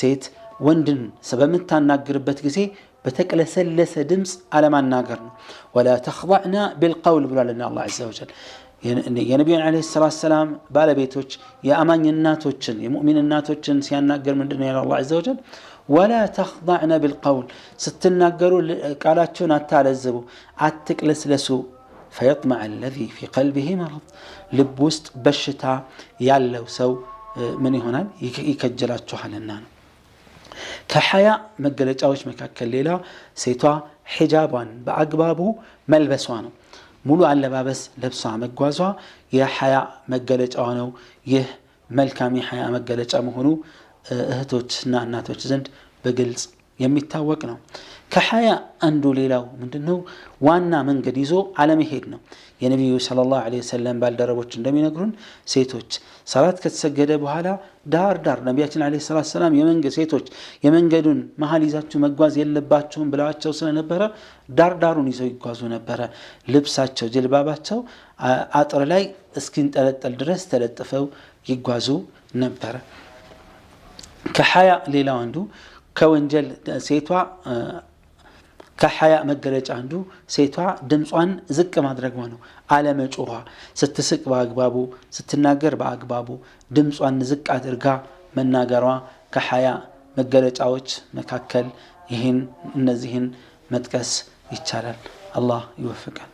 سيت وندن سبمتا ناقربت كسي بتكلا سلسة دمس على ما ناقرنا ولا تخضعنا بالقول بلا لنا الله عز وجل يا نبي عليه الصلاة والسلام بالا بيتوش يا أمان يناتوشن يا مؤمن الناتوشن سيان ناقر من دنيا الله عز وجل ولا تخضعنا بالقول ستنا قالوا قالاتشونا تالزبو عتك لسلسو فيطمع الذي في قلبه مرض لبوست بشتا يالو سو من هنا يكجلاتشو حالنانو ከሐያ መገለጫዎች መካከል ሌላ ሴቷ ሒጃቧን በአግባቡ መልበሷ ነው። ሙሉ አለባበስ ለብሷ መጓዟ የሐያ መገለጫዋ ነው። ይህ መልካም የሐያ መገለጫ መሆኑ እህቶችና እናቶች ዘንድ በግልጽ የሚታወቅ ነው። ከሀያ አንዱ ሌላው ምንድን ነው ዋና መንገድ ይዞ አለመሄድ ነው። የነቢዩ ሰለላሁ ዐለይሂ ወሰለም ባልደረቦች እንደሚነግሩን ሴቶች ሰላት ከተሰገደ በኋላ ዳር ዳር ነቢያችን ዐለይሂ ሰላቱ ሰላም ሴቶች የመንገዱን መሀል ይዛችሁ መጓዝ የለባቸውም ብለዋቸው ስለነበረ ዳር ዳሩን ይዘው ይጓዙ ነበረ። ልብሳቸው፣ ጀልባባቸው አጥር ላይ እስኪንጠለጠል ድረስ ተለጥፈው ይጓዙ ነበረ። ከሀያ ሌላው አንዱ ከወንጀል ሴቷ ከሀያ መገለጫ አንዱ ሴቷ ድምጿን ዝቅ ማድረጓ ነው። አለመጮኋ፣ ስትስቅ በአግባቡ ስትናገር በአግባቡ ድምጿን ዝቅ አድርጋ መናገሯ ከሀያ መገለጫዎች መካከል ይህን እነዚህን መጥቀስ ይቻላል። አላህ ይወፍቃል።